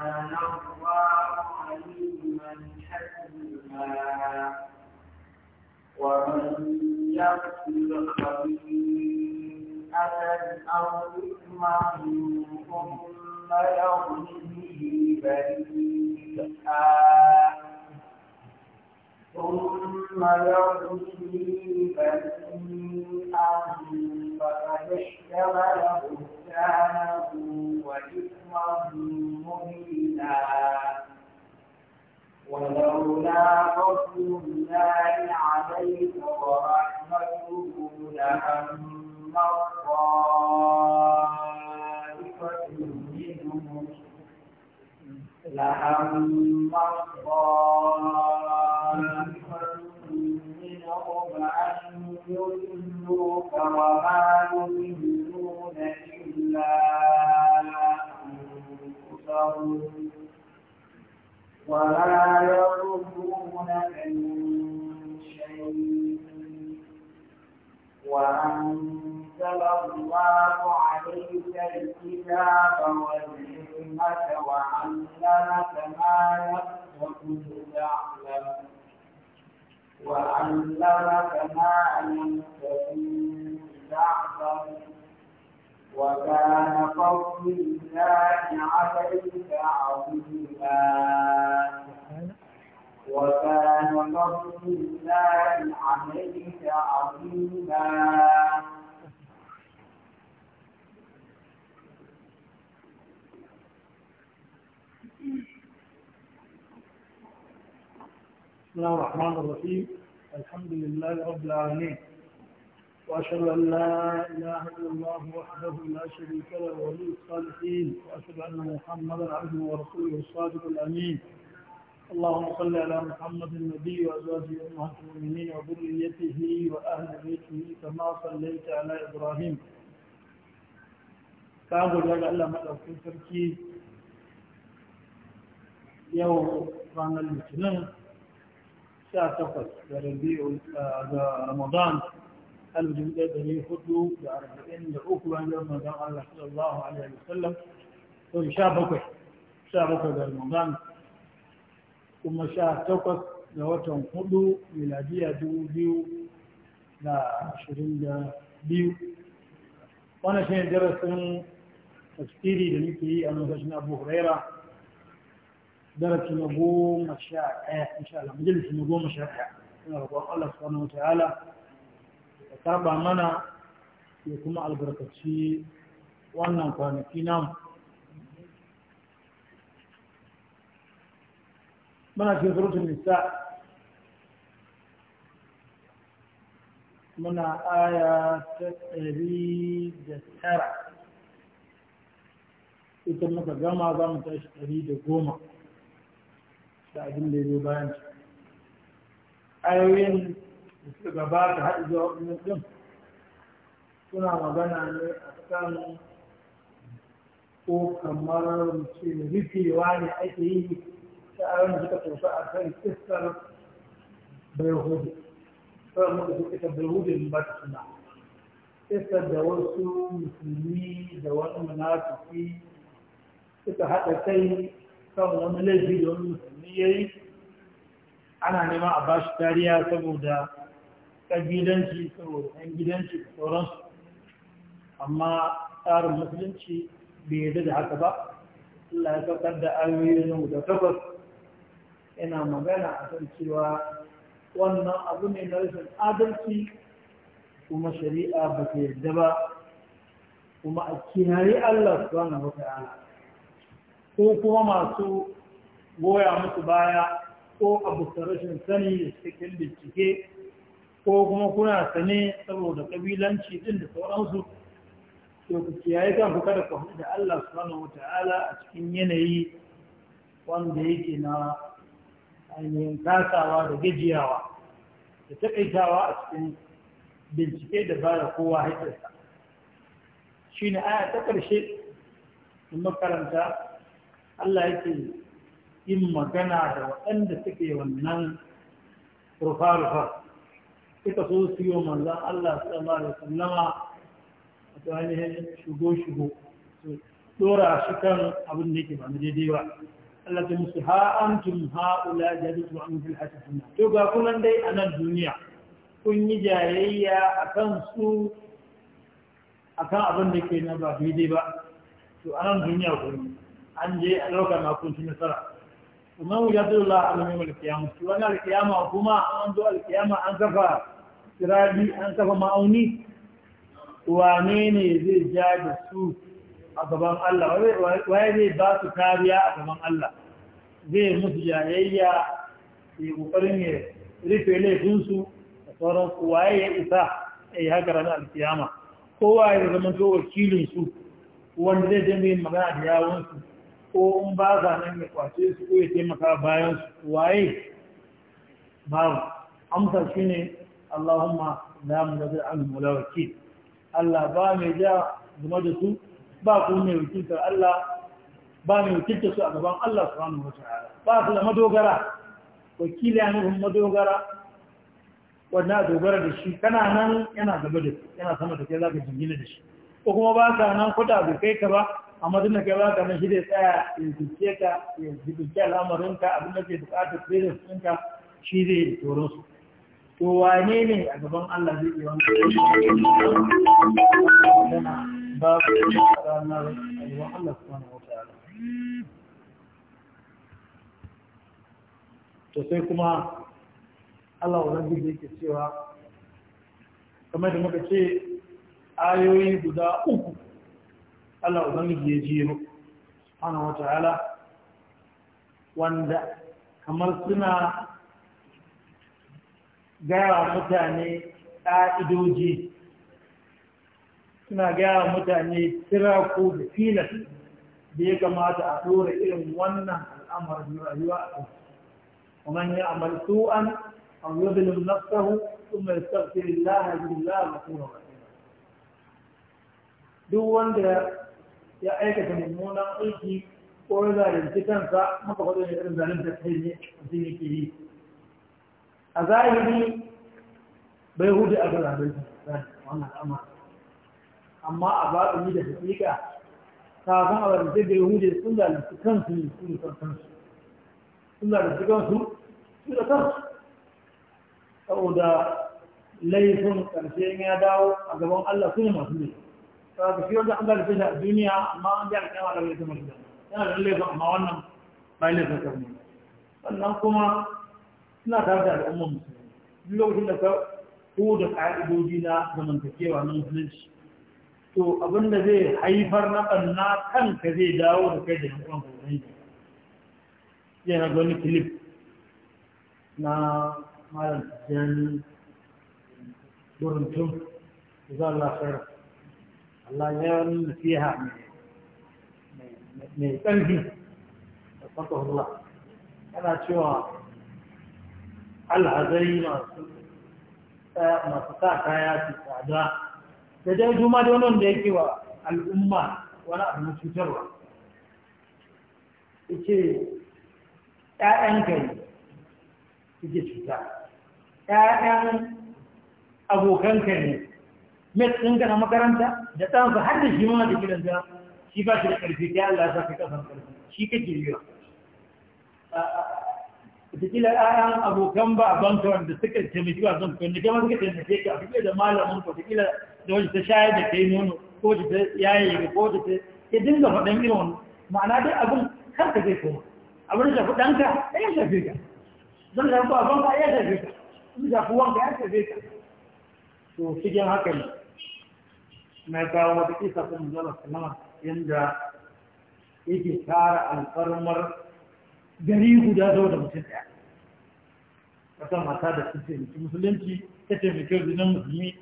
وكان الله عليما حكيما ومن يقتل خبيئة أو إثما ثم يرمي به بريئا ثم يرجي بريئا فقد وإثما ولولا فضل الله عليك ورحمته لهم طائفة منهم لهم طائفة منهم أن يضلوك وما يضلون إلا أنفسهم ولا يضرونك من شيء وأنزل الله عليك الكتاب والحكمة وعلمك ما لم تكن تعلم وعلمك ما لم تكن تعلم وكان فضل الله عليك عظيما وكان فضل الله عليك عظيما بسم الله الرحمن الرحيم الحمد لله رب العالمين وأشهد أن لا إله إلا الله وحده لا شريك له ولي الصالحين وأشهد أن محمدا عبده ورسوله الصادق الأمين اللهم صل على محمد النبي وأزواجه أمهات المؤمنين وذريته وأهل بيته كما صليت على إبراهيم kago daga Allah maɗaukin sarki يوم ranar الاثنين sha takwas da rabi'ul ga ramadan alif dubu ɗaya ɗari hudu da arba'in da uku bayan jiran manzon allah sallallahu alaihi Sallam to sha bakwai sha bakwai ga ramadan kuma sha takwas da watan hudu miladiya dubu biyu da ashirin da biyu Wani shi ne darasin tafsiri da muke yi a lokacin abu huraira درس مبوم مشاعر إيه، إن شاء الله مجلس مبوم مشاعر إن رب الله سبحانه وتعالى تابع منا يكون على بركة شيء وأنا كان فينا منا في خروج النساء منا آية تريد الحرق إذا ما تجمع ضمن تريد الجمعة da abin da ya bayan shi ayoyin da suka gabata haɗu zuwa ɗin suna magana ne a kan ko kamar ce rufewa ne ake yi ta ayoyin da suka a kan muka suka ta ba ta suna da wasu musulmi da wani munafiki suka haɗa kai kan wani laifi da wani musulmi ya yi ana nema a ba shi tariya saboda ƙabilanci saboda ɗan gidanci da sauransu amma tsarin musulunci bai yarda da haka ba Allah ya saukar da ayoyin da takwas yana magana a kan cewa wannan abu ne na rashin adalci kuma shari'a ba ta yarda ba kuma a kinari Allah subhanahu wa ala ko kuma masu goya musu baya ko abu rashin sani da cikin bincike ko kuma kuna sane saboda kabilanci din da sauransu to ku kiyaye ku kada ku hudu da Allah subhanahu wata'ala a cikin yanayi wanda yake na ainihin kasawa da gajiyawa da taƙaitawa a cikin bincike da bada kowa haifarsa shi ne aya ta ƙarshe in makaranta Allah yake yin magana da waɗanda suke wannan rufa-rufa suka so su yi manzan Allah sallallahu alaihi wasallama a tsanihin shigo-shigo su dora shi kan abin da yake ba na daidai ba Allah ta musu ha antum ha'ula jaditu an fil hasatuna to ga kunan dai a nan duniya kun yi jayayya akan su akan abin da ke na ba daidai ba to a nan duniya kun an je a ɗauka na kun nasara kuma ya dole a lamin alkiyama shi wani alkiyama kuma an zo alkiyama an kafa sirabi an kafa ma'auni wane ne zai ja da su a gaban Allah waye zai ba su kariya a gaban Allah zai musu jayayya ya kokarin ya rufe laifinsu da sauran waye ya isa ya yi haka ranar alkiyama kowa ya zama to wakilin su wanda zai dinga yin magana da yawon su ko in ba za nan ya kwace su ko ya taimaka bayan su waye babu amsar shi ne Allahumma za mu nazar an mula Allah ba mai ja game da su ba ku ne wakiltar Allah ba mai wakilta su a gaban Allah subhanahu wa ta'ala ba su da madogara wakili ya nufin madogara wannan dogara da shi kana nan yana gaba da yana sama da kai za ka jingina da shi ko kuma ba ka nan kuɗa da kai ka ba amma duk da kai ba ka shi zai tsaya ya zuke ka ya zuke al'amarinka abin da ke bukatar credit ɗinka shi zai yi tsoron su to wane ne a gaban Allah zai yi wani magana babu ranar ayyuan Allah wani wata yana to sai kuma Allah wani ubangiji yake cewa kamar da muka ce ayoyi guda uku Allah ubangiji ya ji mu wata ala wanda kamar suna gaya mutane ƙa'idoji suna gaya mutane ko da filas da ya kamata a ɗora irin wannan al'amarin rayuwa a kan ومن يعمل سوءا أو يظلم نفسه ثم يستغفر الله بالله غفور رحيم duk wanda ya aikata mummunan aiki ko ya zalunci kansa haka kwazo ne irin zalunta kai ne mutum yake yi a zahiri bai hudu a gara bai wannan al'amari amma a baɗini da hakika kafin a zalunce da yahudi sun zalunci kansu ne su da kansu sun zalunci kansu su da kansu saboda laifin ƙarshe ya dawo a gaban Allah su ne masu laifin da shi wanda an ga lafiya duniya amma an ji alƙama da laifin mutum yana da ba, amma wannan bai laifin karni wannan kuma suna tare da al'ummar musulmi duk lokacin da ka ko da ƙa'idoji na zamantakewa na musulunci to abin da zai haifar na ɓanna kanka zai dawo da kai da yankuwan kusurin ji yana na wani kilif na malam tijjani burin tun za Allah shara الله يا من فيها من تنفي وفقه الله أنا شوى العزي ما ستا كاياتي سعداء تجاو جمع دونون ديكي والأمة ولا أبنى تجرى إيشي ‘ya'yan gari suke cuta, ‘ya'yan abokan ne mai ɗinka na makaranta da ɗansa har da shi ma da gidansa shi ba shi da ƙarfi ta Allah ya saka ƙasar ƙarfi shi ka jiriya da kila ayan abokan ba a banka wanda suka taimaki ba zan kwanne kamar suka taimake ka duk da malamin ko da kila da wani ta shayar da kai nono ko da ta yaye ga ko da ta ya dinga faɗin irin wani ma'ana dai abin kar ka zai koma abin da shafi ɗanka ya shafe ka zan shafi banka ya shafe ka zan shafi wanka ya shafe ka to cikin haka ne na kawo wata isa sun manzala sallama yadda yake tara alfarmar gari guda zuwa da mutum ɗaya wata mata da su taimaki musulunci ta taimaki zinan musulmi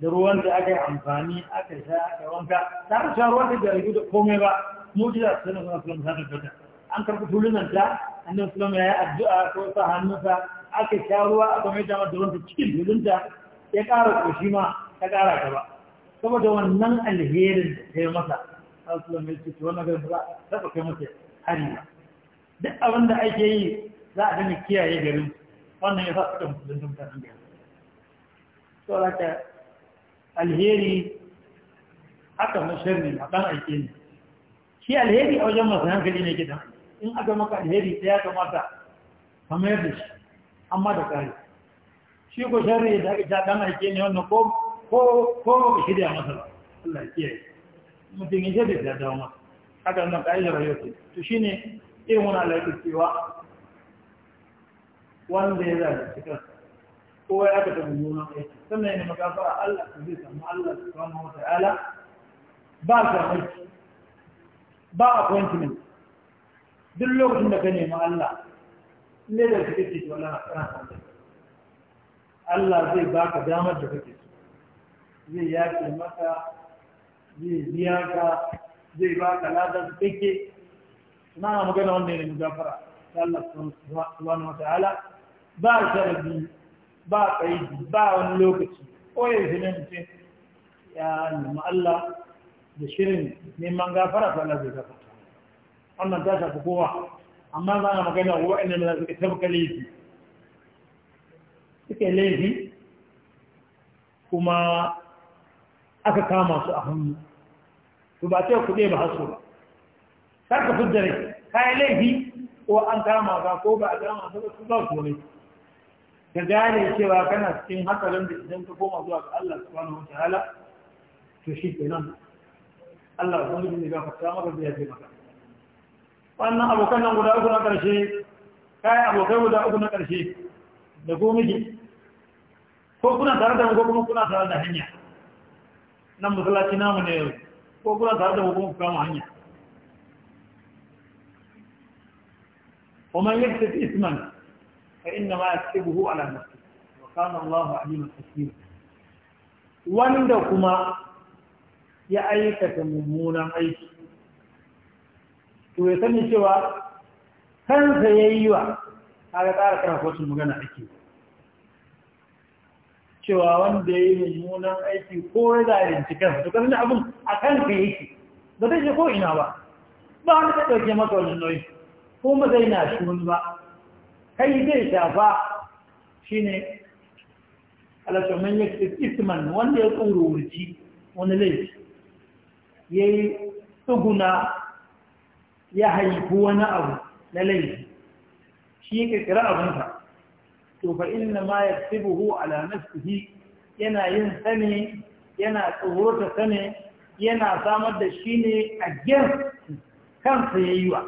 da ruwan da aka yi amfani aka sha aka wanka ta ka sha ruwan da gari da komai ba mu ji da su sanar suna sulamu ta tabbata an karɓi tulunan ta annan sulamu ya yi addu'a ko sa hannunsa aka sha ruwa aka mai damar da ruwan cikin tulunta ya ƙara ƙoshi ma ta ƙara ta ba saboda wannan alherin da ta yi masa alkulan mai cikin wannan gaba za a kai masa hari ba duk abin da ake yi za a dana kiyaye garin wannan ya sa suka da mutanen da yanzu so ka alheri haka masharri a kan aike ne shi alheri a wajen masu hankali ne gidan in aka maka alheri ta ya kamata ka mayar da shi amma da kare. shi ko sharri da ita kan aike ne wannan ko ko ba ba shirya masa ba Allah kiyaye mutum ya shirya da dawo masa haka nan ka'idar rayuwa ce to shine irin wani alaƙi cewa wanda ya zaɓi cikin kowa ya kata mummunan aiki sannan yana magafara Allah su zai samu Allah su kama wata ala ba a samarci ba a appointment duk lokacin da ka nema Allah ne da suke ce wala na kana Allah zai baka damar da kake zai yaƙi maka zai biya ka zai ba ka ladar kake na magana wanda ne mujafara Allah subhanahu wa ta'ala ba sharadi ba kaidi ba wani lokaci ko ya zama mutum ya nemi Allah da shirin neman gafara ta Allah zai gafara wannan ta shafi kowa amma za a magana wa wa'annan da suka tabka laifi suke laifi kuma aka kama su a hannu to ba ce kuɗe ba haso ba kar ka fudda rai kayan laifi ko an kama ba ko ba a kama ba, su ba su ne ka gane cewa kana cikin hatsarin da idan ka koma zuwa ga Allah subhanahu wa ta'ala to shi nan. Allah ya kuma ne ga fata maka da yaje maka wannan abokan nan guda uku na karshe kai abokai guda uku na karshe da ko miji ko kuna tare da mu ko kuma kuna tare da hanya nan masallaci namu ne yau ko kuna tare da hukumar kama hanya Kuma isman, ومن يكتب إثما فإنما يكتبه على نفسه وكان الله عليما حكيما wanda kuma ya aikata mummunan aiki to ya sani cewa kansa ya yi wa kaga tsara karfa magana ake cewa wanda ya yi mummunan aiki ko ya zalunci kansa to kan abin a kan ka yake ba zai ce ko ina ba ba wani ta ɗauke maka wani nauyi ko ma zai na shi wani ba kai zai shafa Shi ne alasamin ya ce isman wanda ya wurci wani laifi ya yi tsuguna ya haifi wani abu na laifi shi ya kirkira abinsa to fa inna ma yaktubuhu ala nafsihi yana yin sane yana tsorota sane yana samar da shi ne a gen kansa yayiwa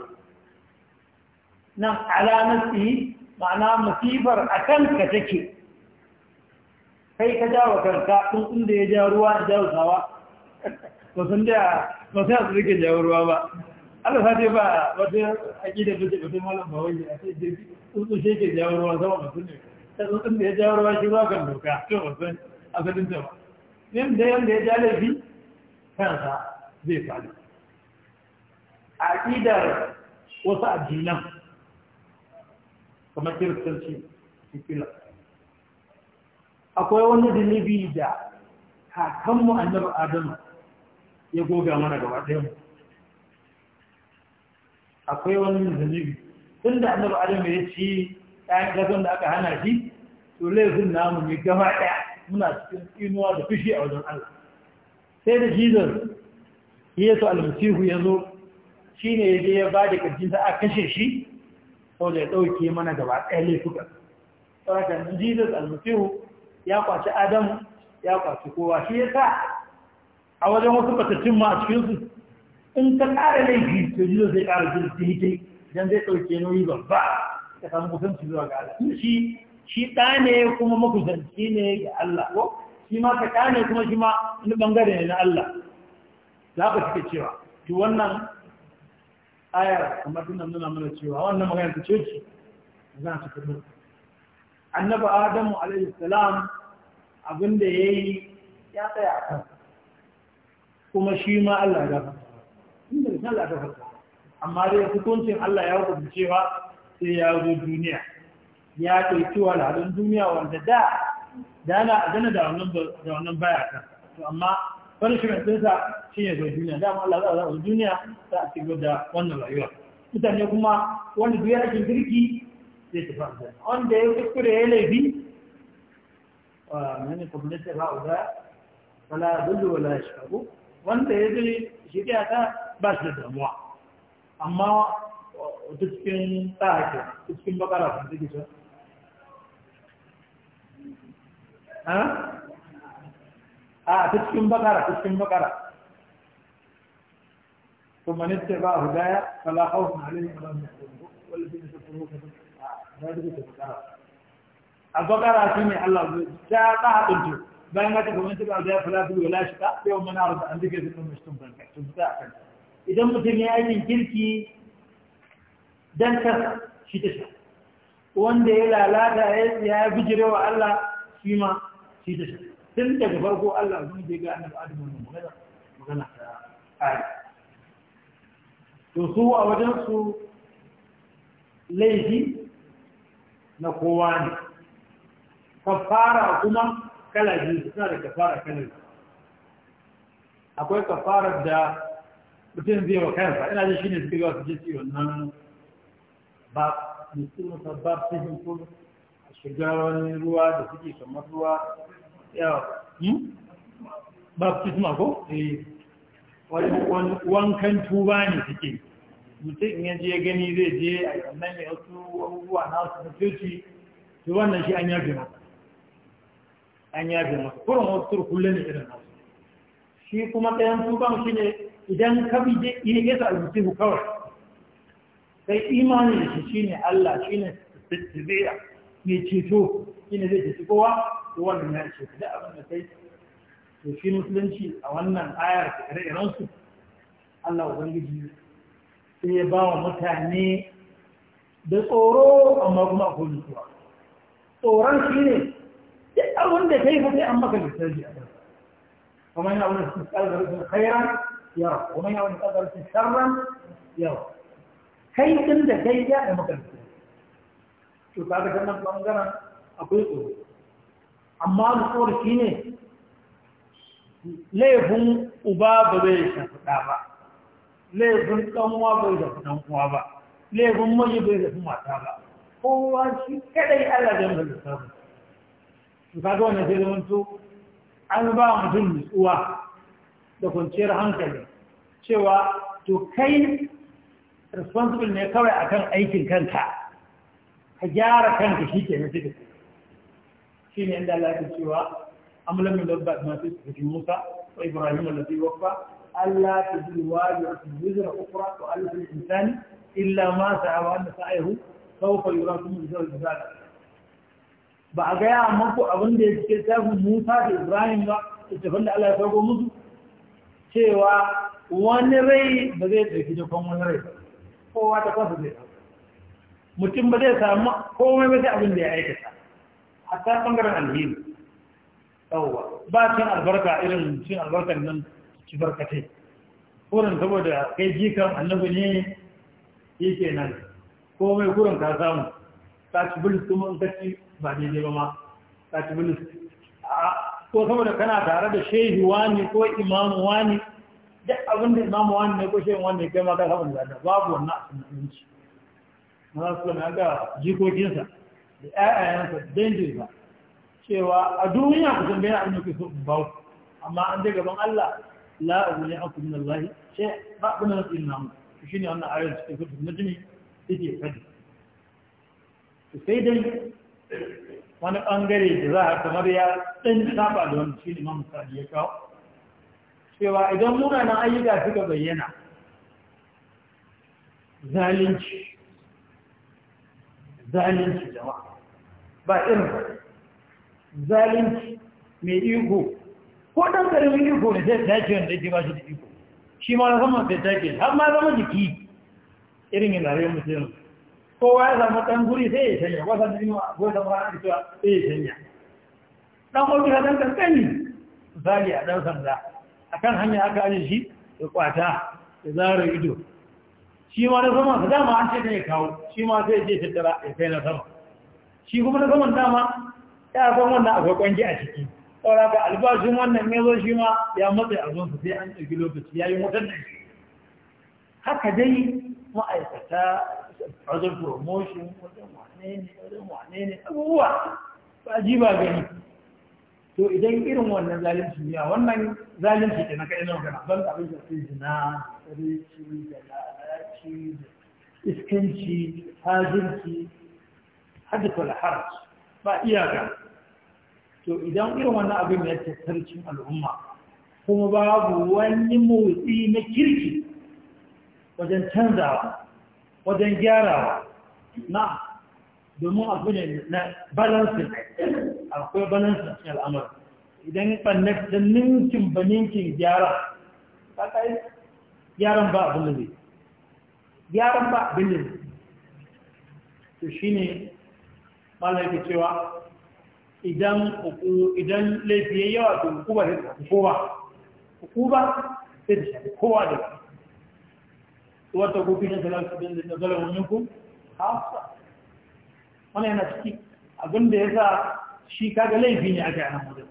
nan ala nafsihi ma'ana musibar a kanka take kai ka jawo kanka tun inda ya ja ruwa ya jawo sawa to sun da ba sai su rike jawo ruwa ba Allah ta ce ba wata aƙida da ke malam ba wani a sai jirgi tsuntsu shi ke jawo ruwa sama masu sun ne ta tsuntsun da ya jawo ruwa shi ruwa kan doka to ba san asalin ta ba yadda yadda ya ja laifi kansa zai faɗi aƙidar wasu addinan kamar kiristanci sikila akwai wani zunubi da kakanmu annabi adamu ya goga mana gaba ɗaya mu akwai wani zanibi tun da annabu Adamu ya ci ɗayan gazon da aka hana shi to laifin namu ne gaba ɗaya muna cikin inuwa da fushi a wajen Allah sai da jesus yesu almasihu ya zo shi ne ya je ya ba da ƙarfin sa a kashe shi sau da ya ɗauke mana gaba ɗaya laifuka saboda jesus almasihu ya kwaci adam ya kwaci kowa shi ya sa a wajen wasu fatattun ma a cikinsu in ka ƙara laifi to jizo zai ƙara jirgin hitai don zai ɗauke nauyi babba ka samu kusanci zuwa ga Allah shi shi ɗa ne kuma makusanci ne ga Allah ko shi ma ka ɗa ne kuma shi ma wani ɓangare ne na Allah za ka cika cewa to wannan ayar kamar tunan nuna mana cewa wannan magana ta ce shi za ta fito annabi adamu alaihi salam abinda yayi ya tsaya a kan kuma shi ma Allah ya gafarta tun da misali a ta amma dai hukuncin Allah ya hukunta cewa sai ya zo duniya ya ɗauki al'adun duniya wanda da dana a gana da wannan baya kan to amma punishment ɗinsa shi ne zo duniya dama Allah za a zo duniya za a cigo da wannan rayuwa mutane kuma wanda duk ya rashin girki zai tafi aljanna wanda ya kuskure ya laifi mene kwamnatin ra'uda wala dole wala shi wanda ya zai shi ta ba su da damuwa amma cikin tsarake cikin bakara sun take shi a ta cikin bakara ta cikin bakara ثم نتبع هدايا فلا idan mutum ya aikin kirki don kar shi ta sha wanda ya lalata ya bijire wa Allah shi ma shi ta sha tun daga farko Allah zai je ga annabi adamu wannan magana magana ta ayi to su a wajen su laifi na kowa ne kafara kuma kala biyu suna da kafara kala akwai kafarar da mutum zai wa kansa ina da shi ne suka yi wasu jinsi wannan ba mutum ta ba su yi ko shiga wani ruwa da suke kamar ruwa yawa hmm? ba su kisma ko eh wankan tuba ne suke mutum ya je gani zai je a yi wannan ya wasu abubuwa na wasu mutoci to wannan shi an yafe masa an yafe masa kurin wasu turkulle ne irin nasu shi kuma ɗayan tuban shi ne idan ka bi ya ta albusihu kawai sai imani da shi shi ne Allah shi ne tattabiya mai ceto shi ne zai ceci kowa da wannan ya ce da abin da sai to shi musulunci a wannan ayar da ire-irensu Allah ubangiji sai ya ba wa mutane da tsoro amma kuma akwai mutuwa tsoron shi ne duk abin da kai yi sai an maka littafi a kan kamar yana wani su kalgar sun khairan yara kuma yawon ƙasarsu sharran yawa kai ɗin da kai ya da makarfi to kaga ta nan ɓangaren akwai tsoro amma da tsoro shi ne laifin uba ba zai shafi ɗa ba laifin ɗanwa bai shafi ɗanwa ba laifin maji bai shafi mata ba kowa shi kaɗai allah zai mai lissafin to kaga wannan sai zama to an ba mutum nutsuwa da kwanciyar hankali cewa to kai responsible ne kawai akan aikin kanka ka gyara kanka shi ke nufi shi ne inda Allah cewa amulan min masu cikin Musa wa Ibrahim Allah ta to Allah ta insani illa ma yura kuma ba a gaya muku abin da ya ce tafi Musa da Ibrahim ba da da Allah ya musu cewa wani rai ba zai ɗauki jikon wani rai kowa ta kwasa zai ɗauka mutum ba zai samu komai ba sai abin da ya aikata a ta ɓangaren alheri ɗauwa ba cin albarka irin cin albarkar nan ci barkatai kurin saboda kai jikan annabi ne yi ke nan komai kurin ka samu ta ci bilis kuma in ka ci ba daidai ba ma ta ci bilis a ko saboda kana tare da shehi wani ko imamu wani duk abin da imamu wani ne ko shehu wani ne kai ma ka samu da babu wannan a sunanci na su na ga jikokinsa da ƴaƴayensa dangi ba cewa a duniya ku san bayan abin da ke so in ba amma an je gaban Allah la abu ne aku min Allah she ba abin da nasu mu shi ne wannan ayar cikin kutub najmi take fadi sai dai wani ɓangare da za a kamar ya ɗin saba da wani shi imam sa'adi ya kawo cewa idan munanan ayyuka suka bayyana zalunci da jama'a ba irin zalunci mai iko ko ɗan ƙarfin iko da zai dace wanda ke ba shi da iko shi ma na zama da dace har ma zama jiki irin yanarai musulun kowa ya samu ɗan guri sai ya shanya wasan da inuwa ko da mara da sai ya shanya ɗan ta ɗan ƙanƙani zali a ɗan sanda a kan hanya aka ajiye shi ya ƙwata ya zara ido shi ma na saman sa dama an ce da ya kawo shi ma sai je tattara ya kai na sama shi kuma na saman dama ya san wannan akwai kwangi a ciki ɗaura ka albashin wannan ya zo shi ma ya matsayi a zonsa sai an ɗauki lokaci ya yi mutan da shi haka dai ma'aikata wajen promotion wajen wane ne wajen wane ne abubuwa ba ji ba gani to idan irin wannan zalunci ne wannan zalunci ke na kaɗai na magana ban abin da su zina rici da lalaci da iskanci hajirci haddatul haraj ba iyaka to idan irin wannan abin ya tattarcin al'umma kuma babu wani motsi na kirki wajen canzawa wajen gyara na domin abu ne na balansin akwai balansin a cikin al'amur idan ɓanne da ninkin ba ninkin gyara kakai gyaran ba abin da zai gyaran ba abin da zai to shi ne malar cewa idan idan laifi ya yawa to hukuma ba ta kowa hukuma sai ta shafi kowa da واتقوا فتنة da تضل wani منكم خاصة wani yana ciki abin da ya sa shi kaga laifi ne aka yana mutum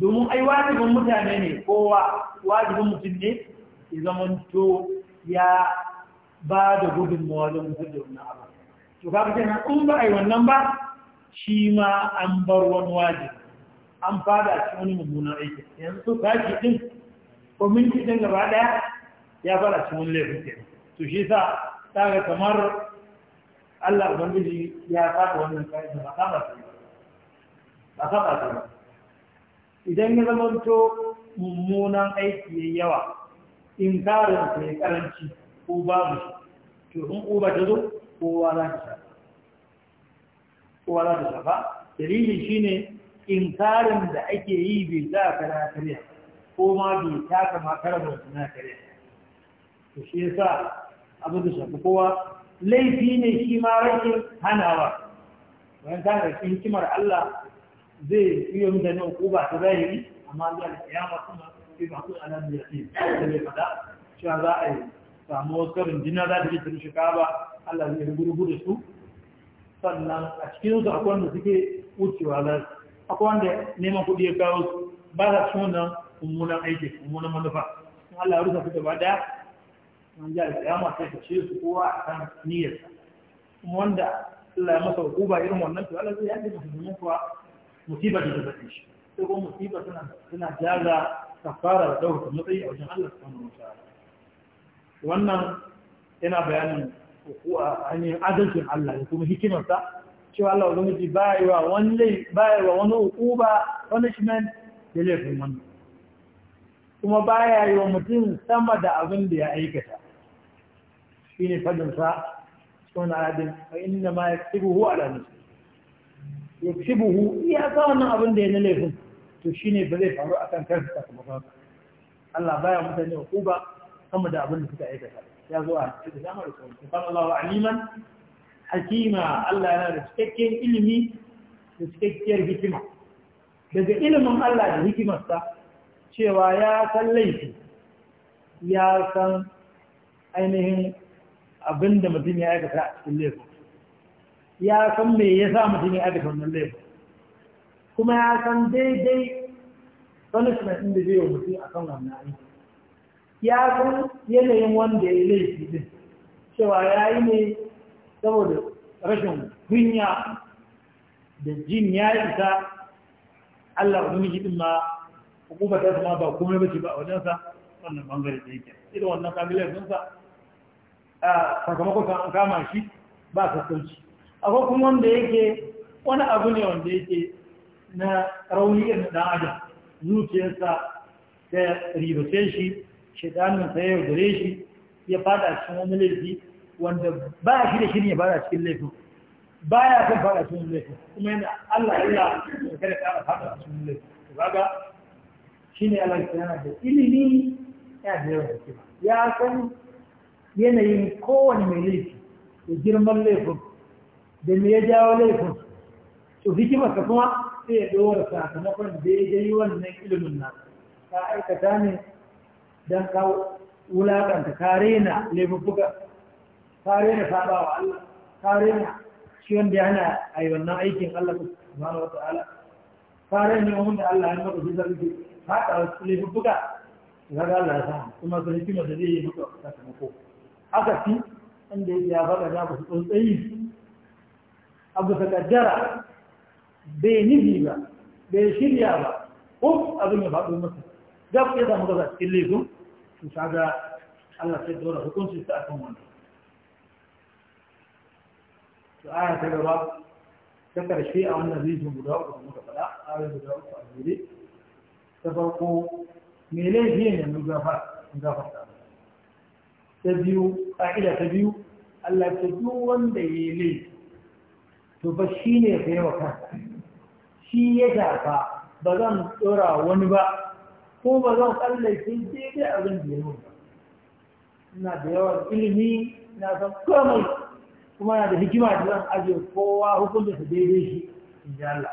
domin ai wajibin mutane ne kowa wajibin mutum ne ya to ya ba da gudun don mutum da wani abu to kaga na in ba a yi wannan ba shi ma an bar wani wajib an fada a cikin wani mummunan aiki yanzu kashi din kwaminti din gaba daya ya fara cikin laifin kenan to shi sa ga kamar Allah ubangiji ya saka wannan ka'ida ba saba ta ba saba ta ba idan ya to mummunan aiki ya yawa in karin su ya karanci ko babu shi to in uba ta zo kowa za ta shafa kowa za ta shafa dalilin shine in karin da ake yi bai za ka na karya ko ma bai taka ma karar wasu na karya to shi yasa abin da shafi kowa laifi ne shi ma rashin hanawa wani ta rashin hikimar Allah zai iya mu da nan ko ba ta zahiri amma zuwa da kiyama kuma sai ba ku alam ya ce da bai fada cewa za a yi samu wasu karin jina za ta je ta rushe kaba Allah zai rubu da su sannan a cikin su akwai wanda suke wucewa za su. akwai wanda neman kuɗi ya kawo ba za su wannan mummunan aiki mummunan manufa Allah ya rusa su gaba daya an ji alƙiyama sai ka ce su kowa a kan niyyarsa kuma wanda Allah ya masa hukuma irin wannan to Allah zai yaɗe masa domin kuwa musibar da ta tafi shi sai kuma musibar tana tana jaza kafara da dauka matsayi a wajen Allah subhanahu wa ta'ala wannan yana bayanin hukuwa hanyar adalcin Allah da kuma hikimarsa cewa Allah ubangiji bayarwa wani bayarwa wani hukuma punishment da laifin wannan kuma baya yi wa mutum sama da abin da ya aikata shine fadin sa cikin adin fa inna ma yaktubuhu ala nafsi yaktubuhu ya sa wannan abin da ya na laifin to shine ba zai faru akan kansa sakamakon Allah baya mutane hukuba sama da abin da suka aikata ya zo a cikin da zamar sun kan Allah aliman hakima Allah yana da cikakken ilimi da cikakkiyar hikima daga ilimin Allah da hikimarsa cewa ya san laifi ya san ainihin abin da mutum ya aikata a cikin laifin ya san me ya sa mutum ya aikata wannan laifin kuma ya san daidai punishment ɗin da zai wa mutum a kan wannan aiki ya san yanayin wanda ya yi laifi din cewa ya yi ne saboda rashin kunya da jin ya isa Allah wani ɗin ma hukumar ta ma ba komai bace ba a wajensa wannan bangare da yake irin wannan kamilar dinsa sakamakon an kama shi ba sassanci akwai kuma wanda yake wani abu ne wanda yake na rauni irin ɗan adam zuciyarsa ta ribace shi shaidanin sa ya gare shi ya fada cikin wani laifi wanda ba shi da shi ne fada cikin laifin ba ya kan fada cikin laifin kuma yana Allah ya da kada ka fada cikin laifin shi ne Allah ya da ilimi ya da yawa ya san yanayin kowane mai laifi da girman laifin da mai ya jawo laifin to hikimarsa kuma sai ya ɗora sakamakon da ya jayi wannan ilimin na ka aikata ne don ka wulaƙanta ka laifin laifuffuka ka na saɓa wa Allah ka na shi wanda yana a yi wannan aikin Allah zama wa ta'ala ka ne wanda Allah ya maka shi da faɗa wasu laifuffuka ga Allah ya samu kuma su hikimar zai yi maka sakamako aka fi inda ya baka da su tsuntsayi abu ta kaddara bai nufi ba bai shirya ba ko abin ya faɗo masa gab ya samu gaza cikin laifin su ga Allah sai dora hukuncin sa akan wannan to aya ta gaba ta karshe a wannan rijin guda uku da muka faɗa ayoyin guda uku a jere ta farko me laifi ne mun gafa mun gafarta ta biyu ƙa'ida ta biyu Allah ta duk wanda ya yi laifi to ba shi ne ya kai wa kansa shi ya shafa ba zan tsora wani ba ko ba zan tsallake daidai abin da ya nuna ina da yawan ilimi na san komai kuma na da hikima da zan ajiye kowa hukunta ta daidai shi in ji Allah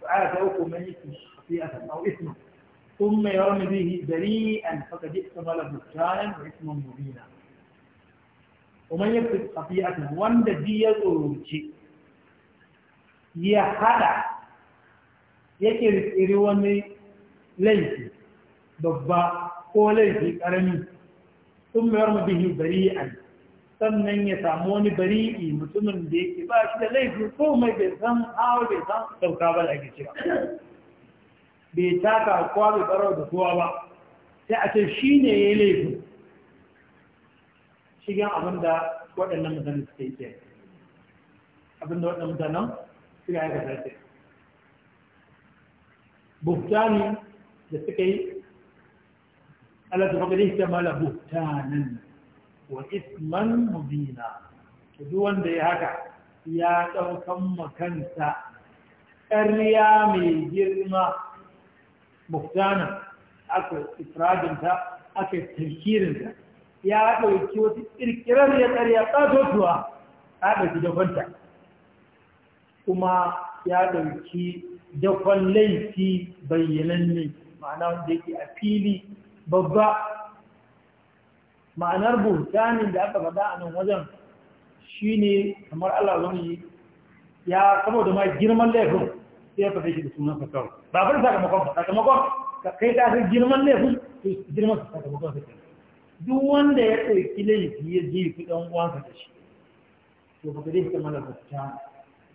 to aya ta uku mai yake fi asan au ismu ثم يرمي به بريئا فقد احتمل بهتانا واثما murina. ومن يكتب خطيئته وند دي يزورci ya haɗa ya rikiri wani laifi babba ko laifi karami sun mayar mu bihi bari'an sannan ya samu wani bari'i mutumin da yake ba shi da laifi ko mai bai san hawa bai san sauka ba da ake cewa bai taka kowa bai tsaro da kowa ba sai a ce shi ne ya yi laifin cikin abin da waɗannan mutane suke yi abin da waɗannan mutanen suka yi kasar ce buhtani da suka yi Allah ta faɗi ta mala buhtanan wa isman mubina duk wanda ya haka ya ɗaukan makanta ƙarya mai girma buhtanan aka ifradinta aka tarkirinta ya ɗauki wasu ƙirƙirar ya ƙarya zuwa a ɗauki dafanta kuma ya ɗauki dafan laifi bayyananne ma'ana wanda yake a fili babba ma'anar burtanin da aka faɗa a nan wajen shi ne kamar Allah ya ya da ma girman laifin sai ya faɗe shi da sunan sakawar ba fi sakamakon ba sakamakon kai ta fi girman laifin to girman sakamakon sakawar duk wanda ya ɗauki laifi ya je fi ɗan uwansa da shi to ba zai fita mana bata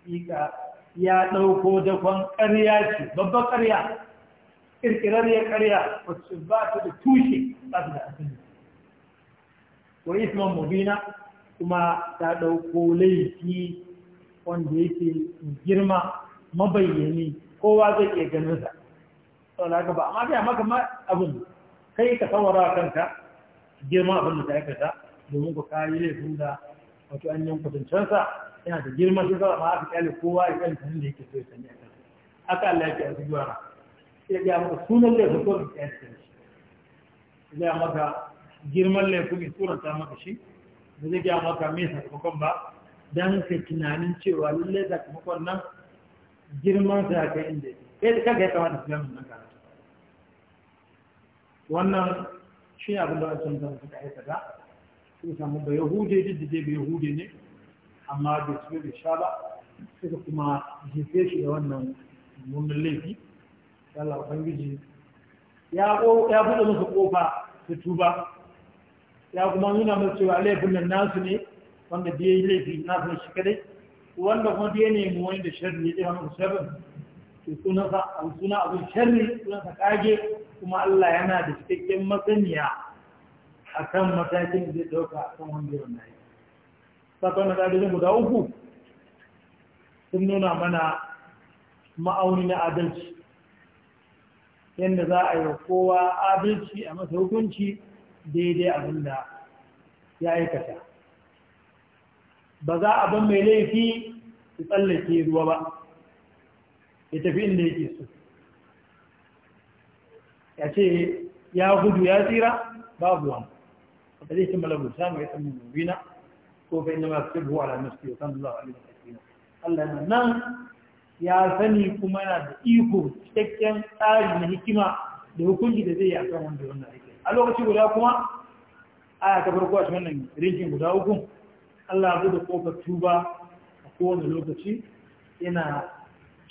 ƙiƙa ya ɗauko dakon ƙarya ce babban ƙarya ya ƙarya wacce ba ta da tushe ba ta da asali wa isman mubina kuma ta ɗauko laifi wanda yake girma mabayyani kowa zai iya ganin sa da haka ba amma da maka ma abin kai ka tsawara kanka Girma abin da ta aikata domin ku kayi laifin da wato an yanku tuncansa yana da girma shi zama aka kyale kowa ya kan tanin da yake so ya sanya a kansa aka Allah ya a su sai ya maka sunan laifin ko da kyale shi zai maka girman laifin ya turanta maka shi da zai ga maka mai sakamakon ba dan ka tunanin cewa lallai sakamakon nan girman sa ka inda ya kai da kanka ya kamata su gami nan karatu wannan shi abin da wancan da suka aikata sun samu ba yahude duk da ba ne amma bai su bai sha ba kuma jefe shi da wannan laifi Allah ubangiji ya buɗe kofa su tuba ya kuma nuna musu cewa laifin nan nasu ne wanda bai yi shi kadai wanda kuma bai nemi wani da sharri ya ɗaya sunansa suna abin sharri sunansa kage kuma Allah yana da cikakken masaniya a kan matakin zai dauka a kan wanda na yi. Saka na ƙadilin guda uku sun nuna mana ma'auni na adalci yadda za a yi kowa adalci a masa hukunci daidai abin da ya aikata ba za a ban mai laifi su tsallake ruwa ba ya tafi inda yake so ya ce ya gudu ya tsira babu wani wata zai cimma malabu samu ya samu mubina ko fa inda masu cibu ala masu ya sanu zuwa alimta kasina Allah na nan ya sani kuma yana da iko cikakken tsari na hikima da hukunci da zai yi a kan wanda wannan aiki a lokaci guda kuma aya ta farko a wannan rinkin guda uku Allah ya bude kofar tuba a kowane lokaci yana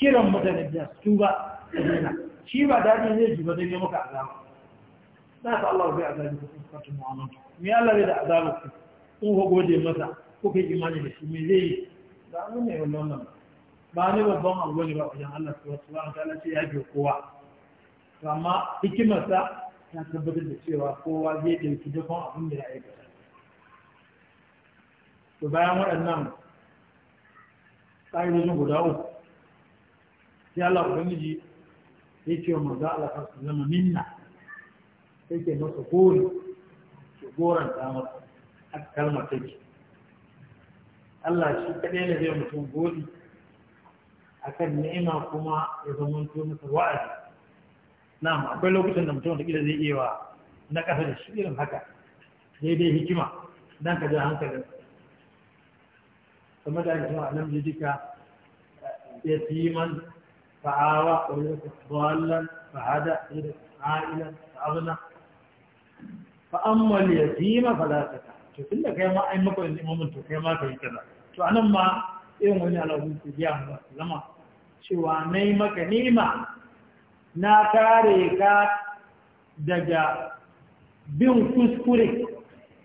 kiran mutane da su shi ba dadi zai ji ba zai maka azaba na ta Allah bai azabi ku kuskatun mu'amantu me Allah bai da azaba ku ko ku gode masa kuka yi imani da shi me zai yi da ne wannan nan ba ne babban abu ne ba wajen Allah subhanahu wa ta'ala ce ya fi kowa amma sa ta tabbatar da cewa kowa zai ɗauki dukkan abin da ya aikata to bayan waɗannan ƙa'idojin guda uku sai Allah ubangiji ya ce wa manzo Allah kan zama minna sai ke masa gori ke goran ta masa a kalmar take Allah shi kaɗai ne zai mutum gori akan ni'ima kuma ya zama to masa wa'azi na'am akwai lokacin da mutum da kila zai iya wa na kafa da shi irin haka daidai hikima dan ka ji hankalin kamar da a nan jidika ya fi man فآوى وجدك ضالا فهدى وجدك عائلا فأغنى فأما اليتيم فلا تكع to tunda kai ma ai maka wani imamin to kai ma ka yi kaza to anan ma irin wani alamun ku biya mu lama cewa yi maka nima na kare ka daga bin kuskure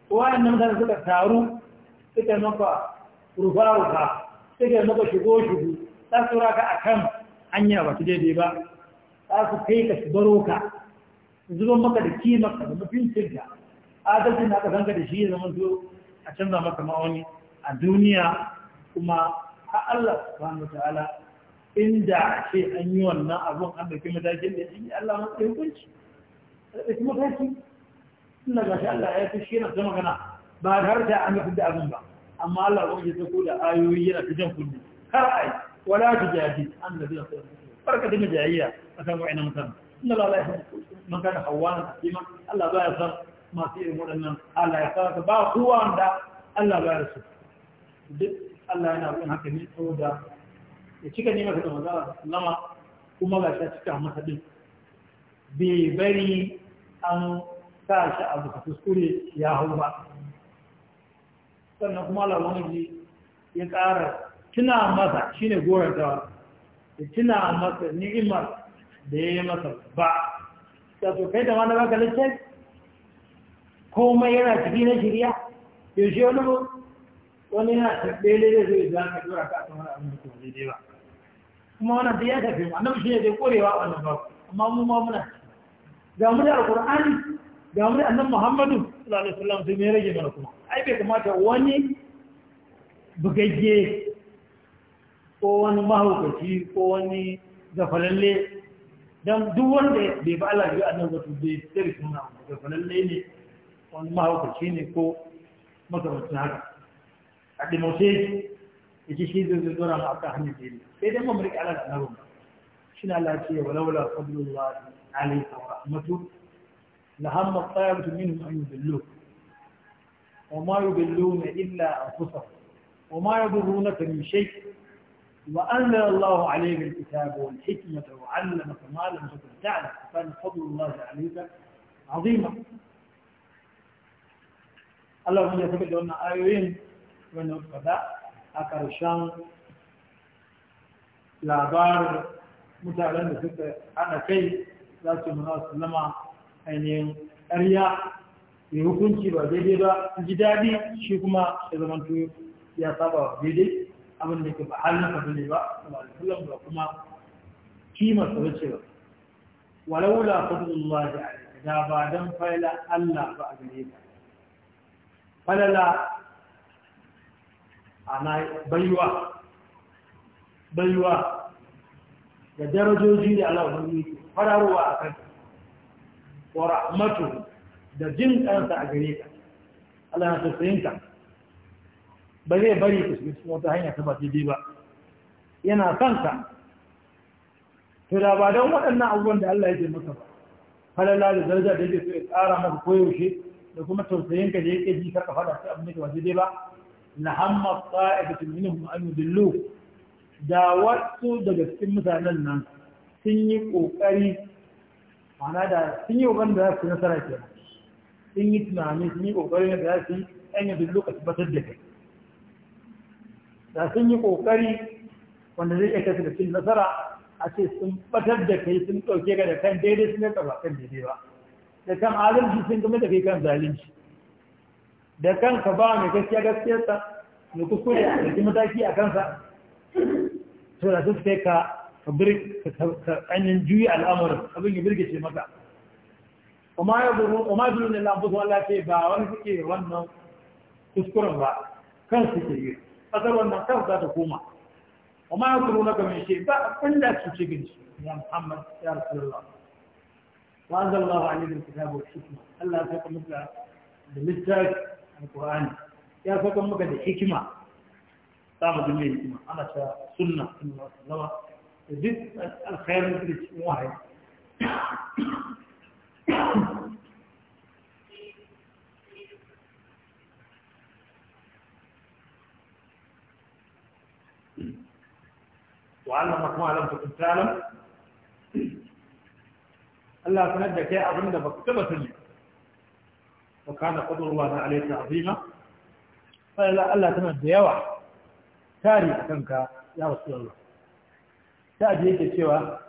wa'annan mutane suka taru suka maka rufa-rufa suka maka shigo-shigo ta tsura ka a kan anya ba ta daidai ba za su kai ka su baro ka zuban maka da kima ka da mutuncin ka A da aka zanka da shi ya zama zo a canza maka ma'auni a duniya kuma a Allah subhanahu ta'ala inda ce an yi wannan abun an dauki matakin da shi Allah Sai hukunci dauki mataki tunda ga shi Allah ya fi shi na zama gana ba har da an yi da abin ba amma Allah ya ko da ayoyi yana ta jan kunni kar ai ولا تجاهد عن الذين صدقوا بركة المجاعية أسامو عنا مثلا إن الله لا يحب من كان خوانا حكيما الله لا ما في أمور أن ألا يصر با قوان دا الله لا يصر الله أنا أقول هكذا من أودا يتشكى نيمة في المدارة لما كما لا تشكى سبيل ببري أن tashi أبو ka يا ya hau ba sannan kuma alamuni tuna masa shine gorantawa da tuna masa ni'imar da ya yi masa ba ta so kai da wani baka littafi komai yana ciki na shirya yaushe wani wani yana tabbe ne da zai zan ka dora ka tsohon abin da zai ba kuma wani da ya tafi mu annabi shi ne zai korewa wannan ba amma mu ma muna ga mu da alqur'ani ga mu da annan muhammadu sallallahu alaihi wasallam sai yi rage mana kuma ai bai kamata wani bugagge ko wani mahaukaci ko wani zafalalle don duk wanda bai ba Allah biyu nan zafi bai tsari suna zafalalle ne wani mahaukaci ne ko makamacin haka a dimoshe ya ce shi zai zura ma akan hannun jini sai dai mamari ala da nahu shi na lafiya walaula fadlullah alayka wa rahmatu la hamma tayyibatu minhum an bello wa ma yudilluna illa kusa wa ma yadurrunaka min shay' وأنزل الله عليك الكتاب والحكمة وعلمك ما لم تكن تعلم فكان فضل الله عليك عظيما اللهم يا سبيل لنا آيوين وأنا أبدا أكار الشام لعبار متعلم سبت أنا كي لا تمنى سلم أن يريا يهكونش بجديد جدادي شكما إذا من تو يا سبا جديد abin da ke ba har na kabi ne ba ba da sallam ba kuma kimar sa bace ba walau da fadlullah alayka da ba dan faila Allah ba a gare ka falala ana baiwa baiwa da darajoji da Allah wani yake fararowa a kan wa rahmatu da jin kansa a gare ka Allah na tausayinka ba zai bari ka shiga cikin wata hanya ta ba daidai ba yana son ka to da ba don waɗannan abubuwan da Allah yake maka ba falala da daraja da yake so ya tsara maka koyaushe da kuma tausayin ka da yake ji karka fada sai abin da ba daidai ba la hamma qa'idatu minhum an yudillu da wasu daga cikin mutanen nan sun yi kokari ma'ana da sun yi ƙoƙarin da za su nasara ke sun yi tunani sun yi ƙoƙarin da za su yi an yudillu ka tabbatar da kai da sun yi kokari wanda zai iya kasu da cin nasara a ce sun batar da kai sun ɗauke ka da kan daidai sun yanka kan daidai ba da kan adalci sun game da kai kan zalunci da kan ka ba mai gaskiya gaskiyarsa mai kuskure a ɗauki mataki a kansa to da su kai ka ka ƙanyen juyi al'amuran abin ya ce maka kuma ya zuru kuma zuru ne lamfusu Allah ba wani suke wannan kuskuren ba kan suke yi kasar wannan kan za ta koma amma ya turu na gamin shi ba abin da su ce gani ya muhammad ya rasulullah wa an zalla wa alibin kitab wa hikima. Allah ya saka muka da littafi qurani ya saka muka da hikima za mu dinga hikima ana ta sunna sunna sallama duk alkhairin da cikin wahayi وعلمكم ما لم تكن Allah الله سند da kai abin da baka taba sani wa kana qadrullahi alayka azima fa ila Allah tana da yawa tari kanka ya wasu rasulullah ta ji yake cewa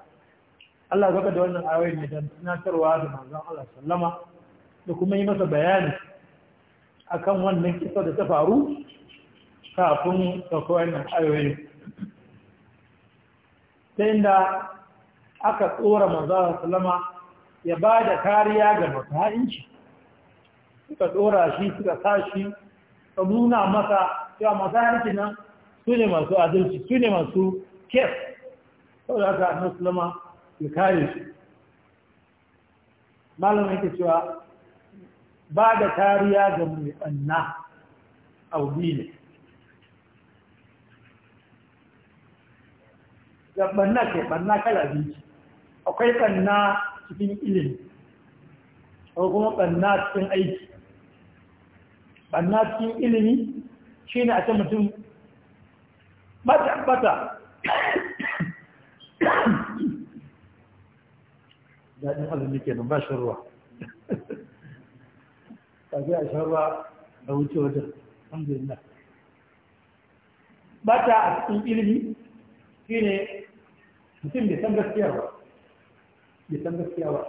Allah gaba da wannan ayoyi ne dan tunatarwa da manzon Allah sallama da kuma yi masa bayani akan wannan kisa da ta faru kafin sauka wannan ayoyi tenda aka tsora manzara salama ya ba da kariya ga mata'inci suka tsora shi suka sa shi ka nuna masa cewa mata'inci nan su ne masu adalci su ne masu kef sau da aka na salama ya kare shi malamin ke cewa ba da kariya ga mai ɓanna abu ne da ɓanna ce ɓanna kala biyu akwai ɓanna cikin ilimi ko kuma ɓanna cikin aiki ɓanna cikin ilimi shi ne a can mutum bata-bata daɗin azumi ke ba shi ruwa ƙafi a shan ruwa da wuce wajen alhamdulillah bata a cikin ilimi shi ne mutum bai san gaskiya ba bai san gaskiya ba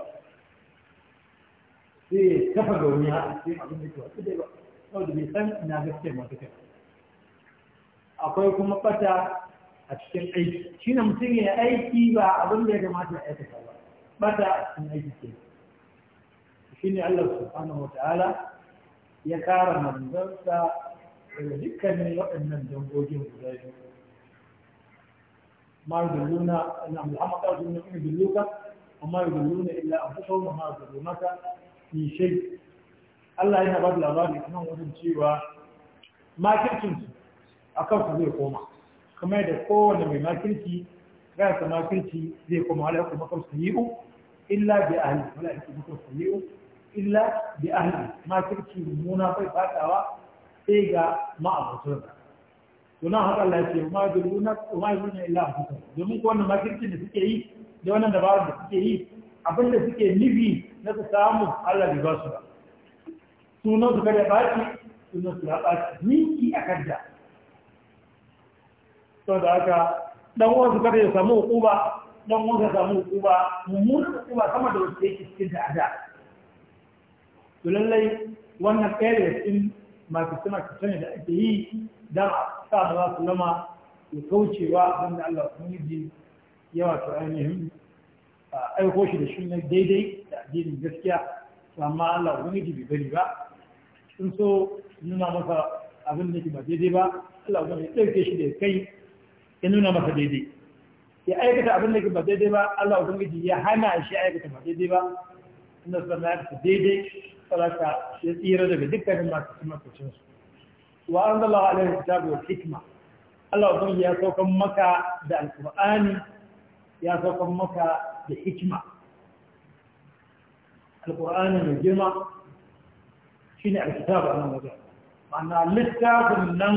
sai kafa gauni haɗa sai abin da ke wasu dai ba da bai san ina gaskiya masu kai akwai kuma fata a cikin aiki shi na mutum ya aiki ba abin da ya kamata ya aikata ba fata a cikin aiki ke shi ne Allah subhanahu wa ta'ala ya kara manzansa daga dukkanin waɗannan dangogin guda biyu ما يدلون أن محمد قال إنهم وما يدلون إلا أنفسهم وما يدلونك في شيء Allah yana ba da labari nan wajen cewa makircinsu a kansu koma kuma yadda kowane mai makirci ransa makirci zai koma wala yaku makar sayi'u illa bi ahli wala yaku makar sayi'u illa bi ahli makirci mummuna bai fatawa sai ga ma'abutansa sunan haka Allah ce ma yaduruna ma yaduruna illa haka domin ko wannan makircin da suke yi da wannan dabarar da suke yi abin da suke nufi na su samu Allah bai ba su ba sunan su kada baki sunan su baki miki ninki a kadda to da haka dan uwan su kada ya samu hukuma dan uwan sa samu hukuma mummunan hukuma sama da wacce yake cikin da ada to lallai wannan ɗaya da cikin masu suna kusurne da ake yi don a sa da su lama ya kaucewa don da Allah kuma yi yawa ta ainihin aiko shi da shi na daidai da addinin gaskiya to amma Allah kuma yi bai bari ba sun so nuna masa abin da ke ba daidai ba Allah kuma ya ɗauke shi da kai ya nuna masa daidai ya aikata abin da ke ba daidai ba Allah kuma ya hana shi aikata ba daidai ba inda su na daidai salaka ya tsira daga dukkanin masu cimakacin su wa an zala alaihi kitabu wal hikma Allah ubangi ya saukan maka da alqur'ani ya saukan maka da hikima alqur'ani mai girma shine alkitabu anan wajen ma'ana littafin nan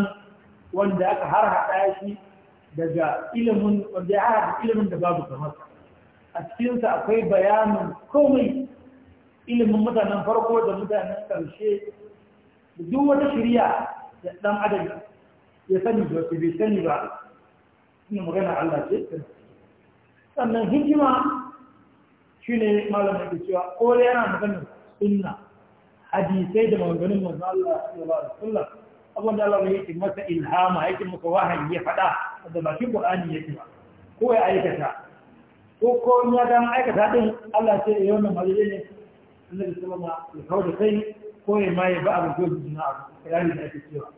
wanda aka harhaɗa shi daga ilimin wanda ya harhaɗa ilimin da babu kamar a cikinsa akwai bayanin komai ilimin mutanen farko da mutanen ƙarshe da duk wata shirya da ɗan adam ya sani da wasu bai sani ba ina magana Allah ce sannan hikima shi ne malamai da cewa kore yana magana sunna hadisai da maganganun manzo Allah sallallahu alaihi wasallam abin da Allah yake masa ilhama yake masa wahayi ya faɗa da bakin Qur'ani yake ba ko ya aikata ko ko ya dan aikata din Allah ce ya eh, yi wannan majalisi annabi sallama ya kawo da kai ko ya maye ba abin ko na abu kirari da ake cewa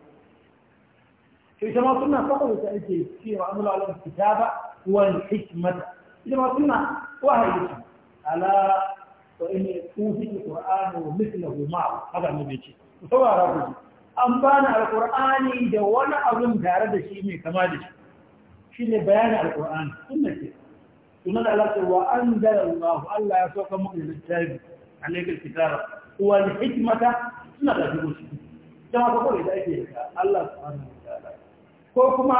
to ita ma suna saboda ta ake cewa an lalata kitaba wal hikmata ita ma suna wahayi ala wa inni ufi alqur'ana wa mithluhu ma'a haka annabi ce ku saurara ku an bani alqur'ani da wani abun tare da shi mai kama da shi shine bayanin alqur'ani sunna ce sunan Allah wa anzala Allah Allah ya sauka muku littafi عليك الكتابة والحكمة suna da dubu shi don haka kawai da ake da Allah subhanahu wa ta'ala ko kuma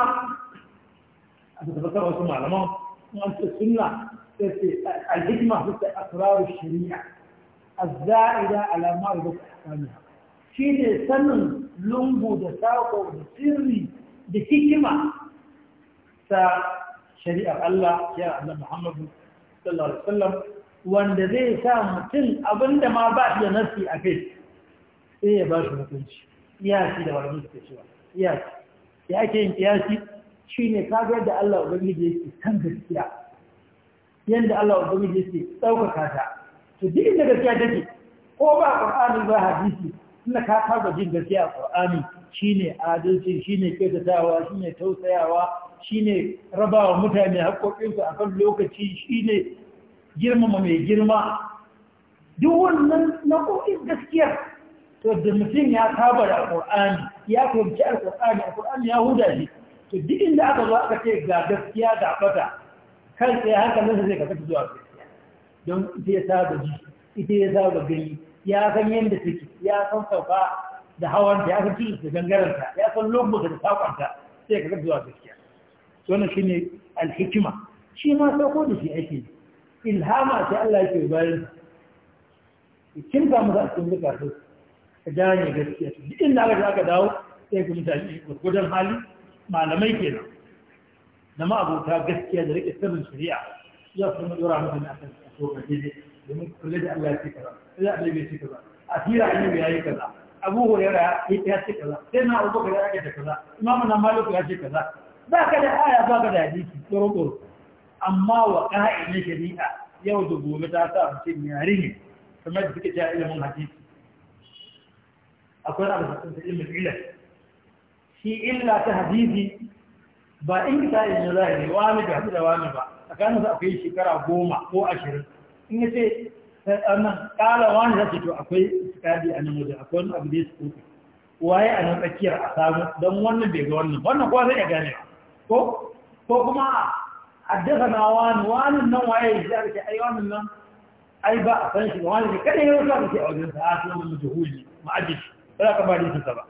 a tabbatar wasu malaman in an ce sunna sai ce al-hikma shari'a az-za'ida ala ma yudu ahkamiha shine sanin lungu da sako da sirri da hikima ta shari'ar Allah ya Muhammadu wanda zai sa mutum abinda ma ba shi da nasi a kai sai ya ba shi hukunci kiyasi da wani suka cewa kiyasi ya ake yin shi ne kagar da Allah ubangiji yake kan gaskiya Yadda Allah ubangiji yake ɗaukaka ta to duk inda gaskiya take ko ba qur'ani ba hadisi inda ka da jin gaskiya a qur'ani shine adalci shine kyautatawa shine tausayawa shine rabawa mutane haƙoƙinsu akan lokaci shine girmama mai girma duk wannan nau'o'in gaskiyar to da mutum ya saba da alƙur'ani ya fahimci alƙur'ani alƙur'ani ya huda shi to duk inda aka zo aka ce ga gaskiya ga bata kan sai hankalinsa zai kafa zuwa gaskiya don ita ya saba ji ita ya saba gani ya san yadda take ya san sauka da ta, ya san cikin ta, ya san lokuta da ta, sai ka zuwa gaskiya wannan shine alhikima shi ma sauko da shi ake ilhama ce Allah yake bayan kin ga maza cikin duka su ka gane gaskiya duk inda aka aka dawo sai ku mutane gurgudan hali malamai ke nan, da ma'abota gaskiya da rike sirrin shari'a ya su mu dora mutane akan so ga dide domin kulle da Allah ya ce kaza da Allah ya ce kaza a tira annabi yayi kaza Abu Hurairah ya ce kaza sai na Abu Bakar ya ce kaza na maluku ya ce kaza ba ka da aya ba ka da hadisi tsoro tsoro amma wa ka'in na shari'a yau da gobe ta sa mutum yare ne kamar da suka ja ilimin hadisi akwai abu da sun mai ilar shi illa ta hadisi ba in ta yi na zahiri wani ga da wani ba tsakanin su akwai shekara goma ko ashirin in ya ce eh, annan ƙala wani za to akwai iskadi a nan wajen akwai wani abu da ya su waye a nan tsakiyar a samu don wannan bai ga wannan wannan kowa zai ya gane ko ko kuma haddasa wani wani nan waye shi aka ce ai wani nan ai ba a san shi da ne kada ya rasa ka ce a wajen sa su wani juhuli ma'ajis ba za ka ba da ba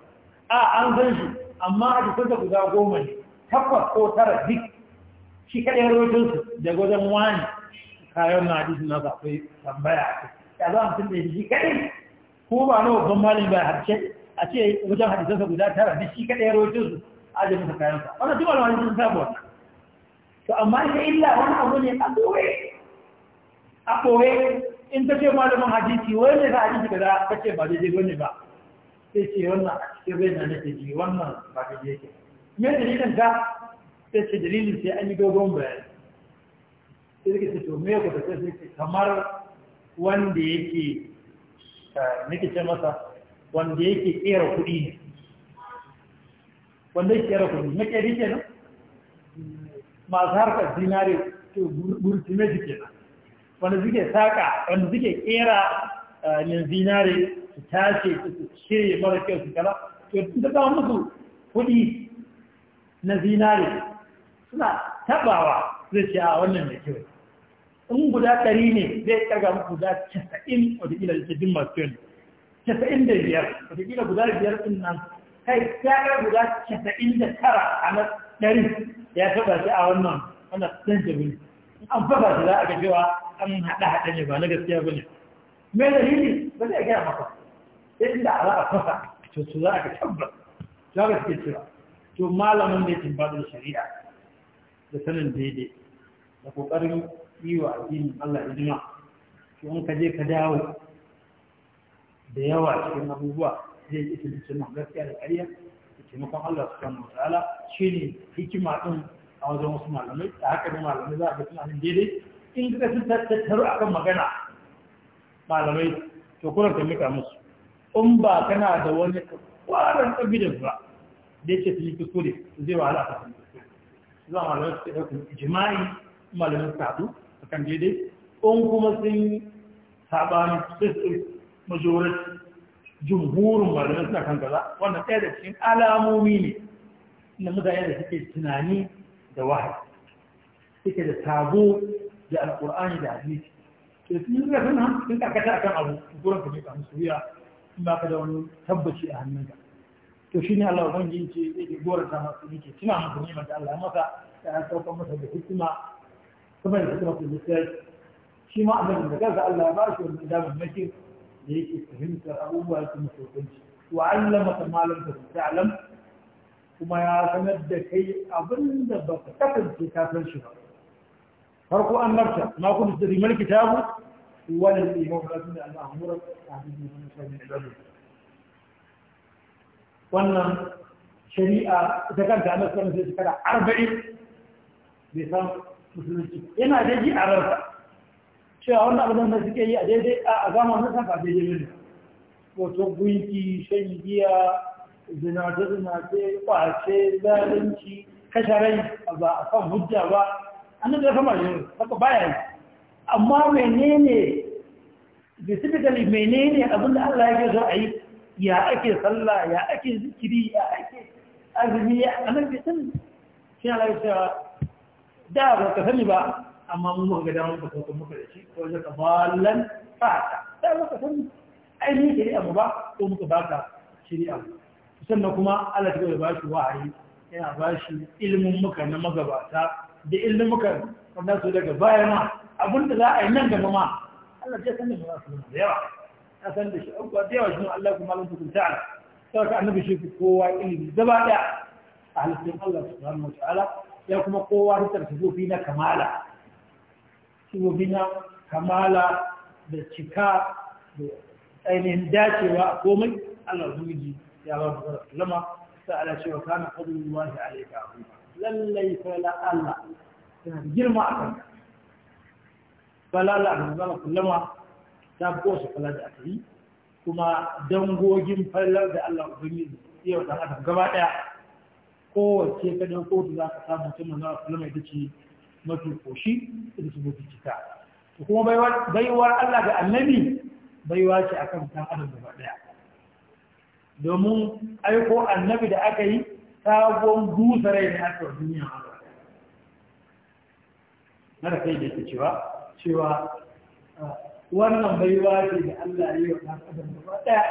a an san shi amma a cikin da guda goma ne takwas ko tara duk shi kada ya rasa su da gwajen wani kayan na hadis na sa akwai tambaya a kai ya za a tun da shi kai ko ba na babban malin ba harshe a ce wajen hadisansa guda tara duk shi kada ya rasa su a jami'a kayan sa wannan duk malamin sun sabuwa to amma shi illa wani abu ne a ɓoye a ɓoye in ta ce malamin hadisi wani ne za a hadisi kaza ta ce ba daidai wani ba sai ce wannan a cikin rai na nake ji wannan ba daidai yake me dalilin ta sai ce dalilin sai an yi dogon bayani sai suka ce to me ku ta sai kamar wanda yake nake ce masa wanda yake kera kuɗi ne wanda yake kera kuɗi na kere kenan masu harkar zinare burkina jike wanda suke saƙa wanda suke kera eh, ne zinare su tashe su shirye mara kyau su kala to da ba musu kuɗi na zinare suna tabawa zai ce a wannan da kyau in guda ɗari ne zai ƙarga muku guda casa'in watakila da cikin masu kyau casa'in da biyar ila guda biyar ɗin nan kai ya ƙarga guda casa'in da tara a na ɗari ya taba shi a wannan wannan tangible an faba shi za a ga cewa an haɗa hada ne ba na gaskiya ba ne mai dalili ba zai gaya maka sai inda a za a fasa to su za a ga tabbas za ka suke cewa to malamin da ya da shari'a da sanin daidai da kokarin yi wa addini Allah hidima to an ka je ka dawo da yawa cikin abubuwa zai yi ita da gaskiya da ƙarya taimakon Allah subhanahu wa ta'ala ne hikima ɗin a wajen wasu malamai da haka ne malamai za a ga tunanin daidai in ka sun tattaru akan magana malamai to kuna taimaka musu in ba kana da wani kwaran evidence ba da yake sun yi kuskure zai wahala a kasan kuskure za a malamai su ɗaukun jima'i malamai su haɗu a kan daidai in kuma sun saɓani sai su majoraci jumhurin malamai suna kan kaza wannan ɗaya da cikin alamomi ne na mutane da suke tunani da wahayi suke da tabo da alƙur'ani da hadisi da sun yi zafin nan sun karkata akan abu gurin ka jika musu wuya in ba ka da wani tabbaci a hannunka to shi ne Allah wani ce yake goron ta masu yake tuna musu neman da Allah masa da ya sauka masa da hikima kuma da hikima ku lissafi shi ma abin da kansa Allah ya ba shi wani damar makin da yake fahimtar abubuwa yake masaukanci wa allama ka malam ka ta'lam kuma ya sanar da kai abinda da ba ka kasance ka san shi ba farko an narta ma kun da rimar kitabu wal imam rasul Allah amura ta hadisi ne sai ne wannan shari'a ita kanta annabi sallallahu alaihi wasallam shekara 40 bai san musulunci yana da ji a ransa cewa wannan abin da suke yi a daidai a gama na san ba daidai ne wato gunki shan giya zinace zinace kwace zalunci kasharai ba a san hujja ba annabi ya kama ne haka baya yi amma menene specifically menene abin da Allah yake so a yi ya ake sallah ya ake zikiri ya ake azumi ya annabi sun shi Allah ya ce da ba ka sani ba amma mun muka ga damar ka sauka muka da shi ko zaka ballan fata sai muka san ainihin shari'a mu ba ko muka baka shiri abu. sannan kuma Allah ta gaba shi wahayi yana ba shi ilimin muka na magabata da ilimin muka wanda su daga baya ma abinda za a yi nan gaba ma Allah ya san da ba su da yawa ya san da shi abuwa da yawa shi Allah kuma lan tukun ta'ala sai ka annabi shi kowa ilimi gaba daya a halittun Allah subhanahu wa ta'ala ya kuma kowa ta tarfi na kamala sifofi kamala da cika da ainihin dacewa a komai Allah zuji ya ba da lama sai Allah cewa kana fadlun wahi alayka azima lallai fala Allah yana da girma a kanka fala Allah da zama sallama ta kosa fala da aka yi kuma dangogin falar da Allah zuji yau da adam gaba daya kowace ka dauko za ka samu tun manzo sallama ita ce mafi koshi da su mafi cika kuma baiwar Allah ga annabi baiwa ce akan kan adam gaba daya domin aiko annabi da aka yi sabon dusarai rai ne aka duniya na da kai da ke cewa cewa ah, wannan baiwa ce da Allah ya yi wa ɗan adam gaba daya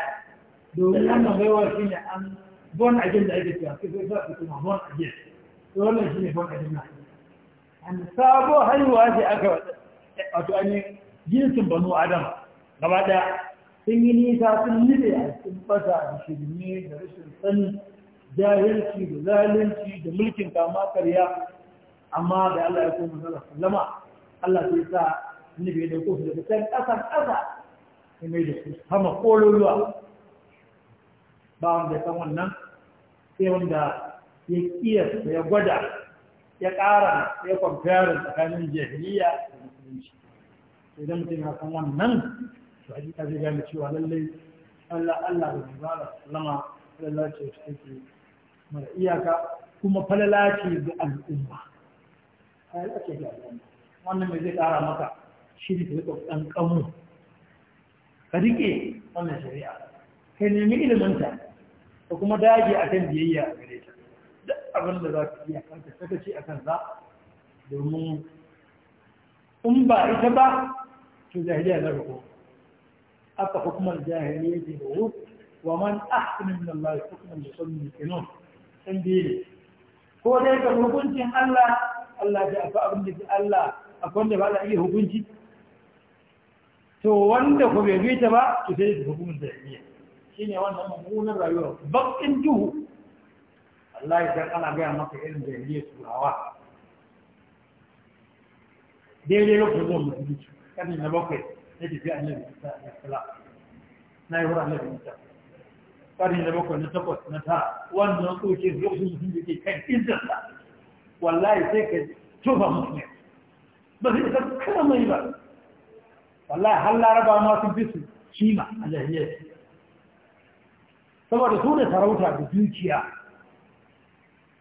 domin wannan baiwa shi ne an bon ajin da ake cewa kai sai za su kuma bon ajin wannan shi ne bon ajin na sabo haihuwa ce aka wato yi jinsin banu adam gaba ɗaya sun yi nisa sun nile a cikin fata da shirme da rashin sani jahilci da zalunci da mulkin kama karya amma da Allah ya koma sallallahu sallama Allah sai sa annabi bai dauko kofi daga can ƙasan ƙasa ya mai da su sama kololuwa ba wanda san wannan sai wanda ya kiyasta ya gwada ya ƙara ya kwamfiyarun tsakanin jahiliya da musulunci idan mutum ya san wannan to hakika zai gani cewa lallai Allah Allah da zubara lama falala ce ta take mara iyaka kuma falala ce ga al'umma yi ake ga al'umma wannan mai zai ƙara maka shi ne ka riƙa ɗan ƙamu ka riƙe wannan shari'a ka nemi ta ka kuma dage a kan biyayya a gare ta abin da za a iya saka ce a kan za domin in ba ita ba to jahiliya na rako aka hukumar jahiliya ce da wuf wa man ahsanu min Allah hukman da sunni kinun san biye ko dai ga hukuncin Allah Allah da akwai abin da ke Allah akwai wanda ba za iya hukunci to wanda ku bai bi ta ba to sai da hukumar jahiliya shine wannan mummunan rayuwa bakin duhu wallahi dan ana gaya maka irin da jahiliya turawa daidai lokacin zuwa musulunci kanin na bakwai na tafi annabi isa na kala na yi hura da isa kanin na bakwai na takwas na ta wannan tsoke lokacin musulunci ke kan izinsa wallahi sai ka tufa musulunci ba zai isa kada mai ba wallahi har laraba ma sun fi su kima a jahiliya saboda su da sarauta da dukiya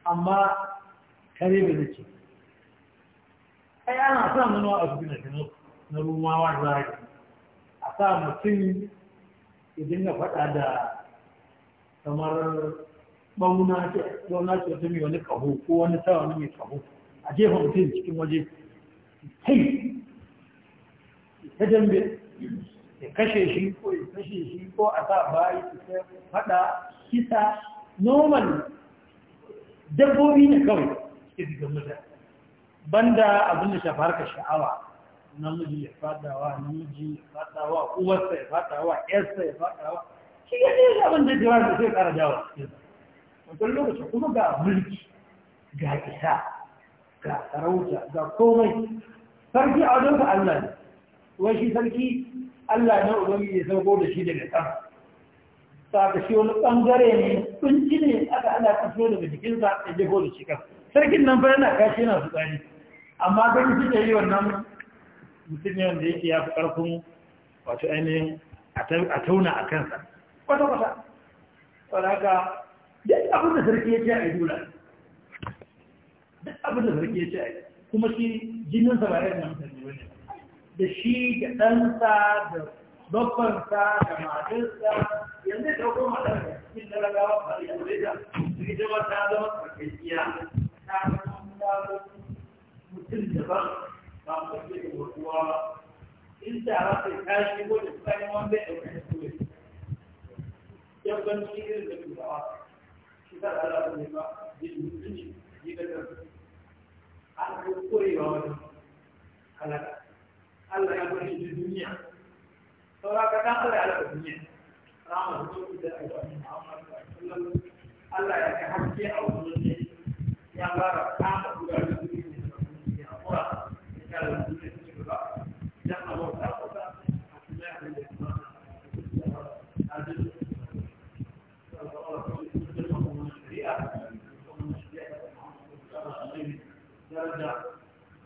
amma kare da nake ai ana sa manuwa a cikin na rumawa da zai a sa mutum ya dinga faɗa da kamar bauna ce wata mai wani kaho ko wani sa wani mai ƙaho a jefa mutum cikin waje hei ta dambe ya kashe shi ko ya kashe shi ko a sa bayi ta faɗa kisa normal dabbobi ne kawai suke zikin mutane banda abin da shafa harkar sha'awa namiji ya fadawa namiji ya fadawa uwarsa ya fadawa yarsa ya fadawa shi ga ne abin da jiwa da sai kara dawa wani lokacin kuma ga mulki ga isa ga sarauta ga komai sarki a wajen Allah ne wai shi sarki Allah ne ubangi ya sauko da shi daga sama ta ka shi wani ɓangare ne kunci ne aka ana kaso daga jikinsa da jego da shi kansa sarkin nan fa yana kashi yana su tsari amma ga mutum da yi wannan mutum ne wanda yake ya fi ƙarfin wato ainihin a tauna a kansa kwata-kwata wadaka duk abin da sarki ya ce a yi dula duk abin da sarki ya ce a yi kuma shi jininsa ba yadda mutane wani da shi ga ɗansa da babbansa da matarsa yanzu da kuma matarsa cikin talagawa ba yanzu da su ba ta zama tsakiyya ta zama mutum daban ba mu kake da kowa ba in ta ba ta shigo da tsayin wanda ya ɗauka da kowai yabban shi irin da turawa shi ta ala da ne ba jin mutunci ji da karfi an ko korewa wani halaka Allah ya bari duniya saura ka dan Allah ya rabu ne rahama zuwa da ayyukan Muhammad sallallahu Allah ya ka haske a wannan ne ya fara kama guda da duniya ne da kuma ya fara ya ka da duniya ce ba ya Allah ta fara a cikin halin da kuma a cikin درجة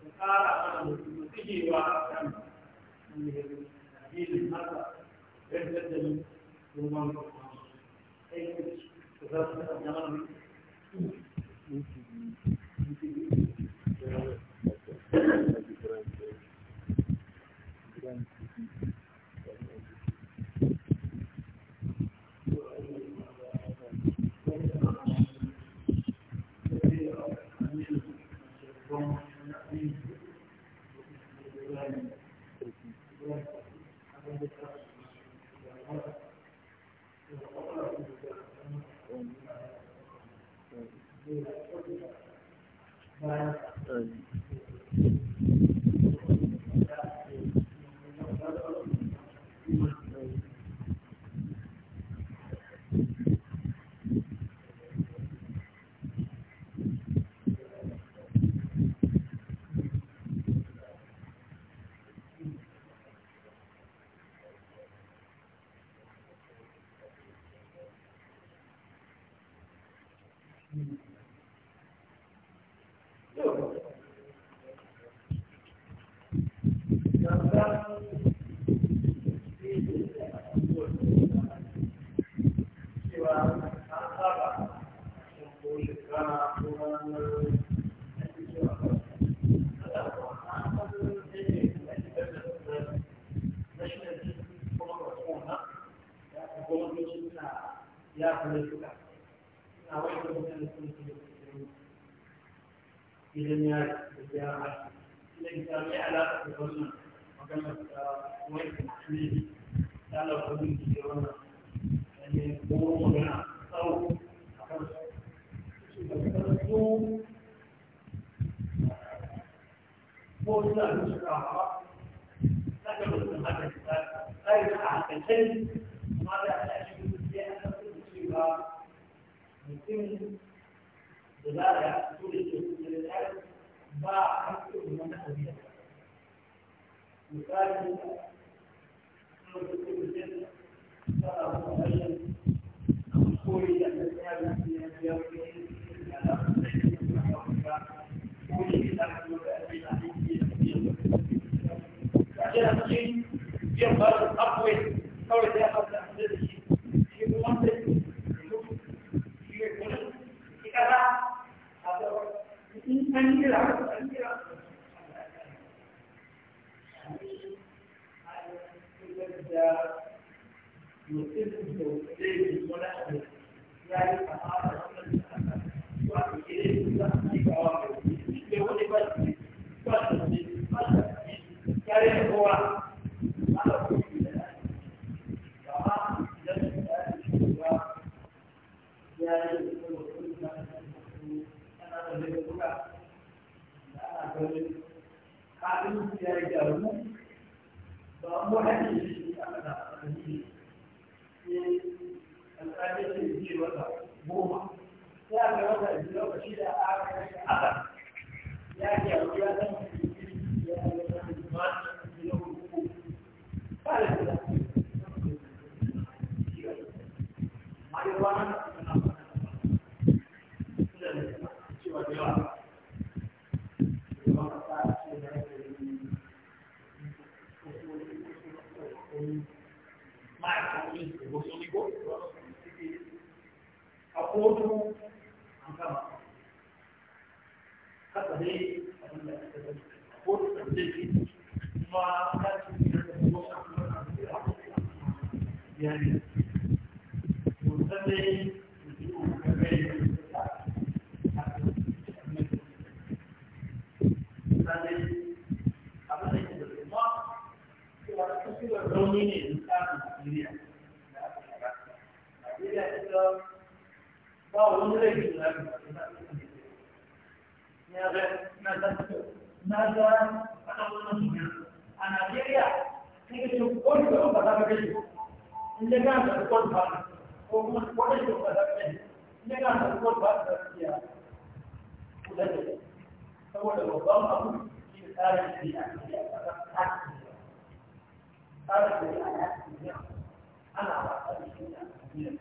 وقال أنا مسيحي وأحسن من Kendilerinin bulmanızı sağlayacak. En küçük kızartma zamanı akwai ya gyaru ba mu hanyar shi aka da amfani ne alƙali ce ce wata goma ya ga wata lokaci da ya ya ya wata ya hukuku ba da da ya kotu an kama kasa dai abin da aka zai kotu da zai kuma kan su da ta kuma a kuma a kuma a kuma ya ne to Thank you. ஒன்றுல ஆனா சரியா நீங்க போட்டு பதாவே இந்த காலத்துல போட்டு பாருங்க ஒவ்வொரு போட்டு பதாவே இந்த காலத்துல போட்டு பாருங்க உதவி فهو يضمن في خارج الأحذية خارج الأحذية أنا أعرف أن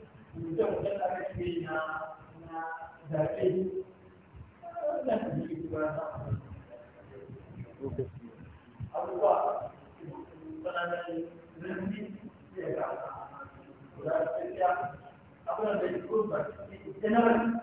náà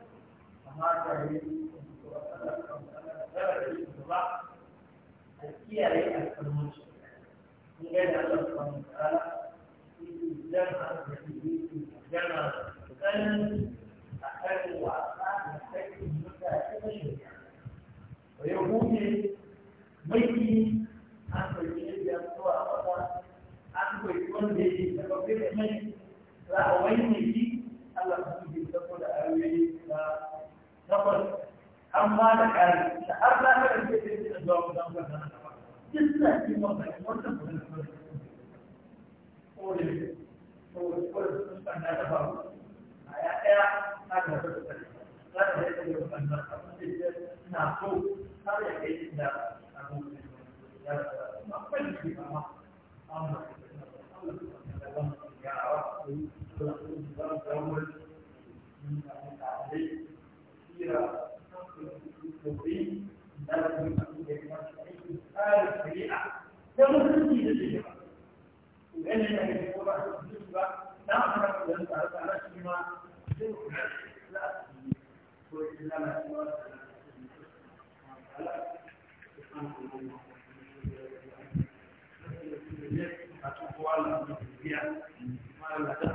amma da ƙari da har za ka da yake da zuwa duk da kuma da a ya ɗaya na gaba da kare za ka rage da wannan da sosai za su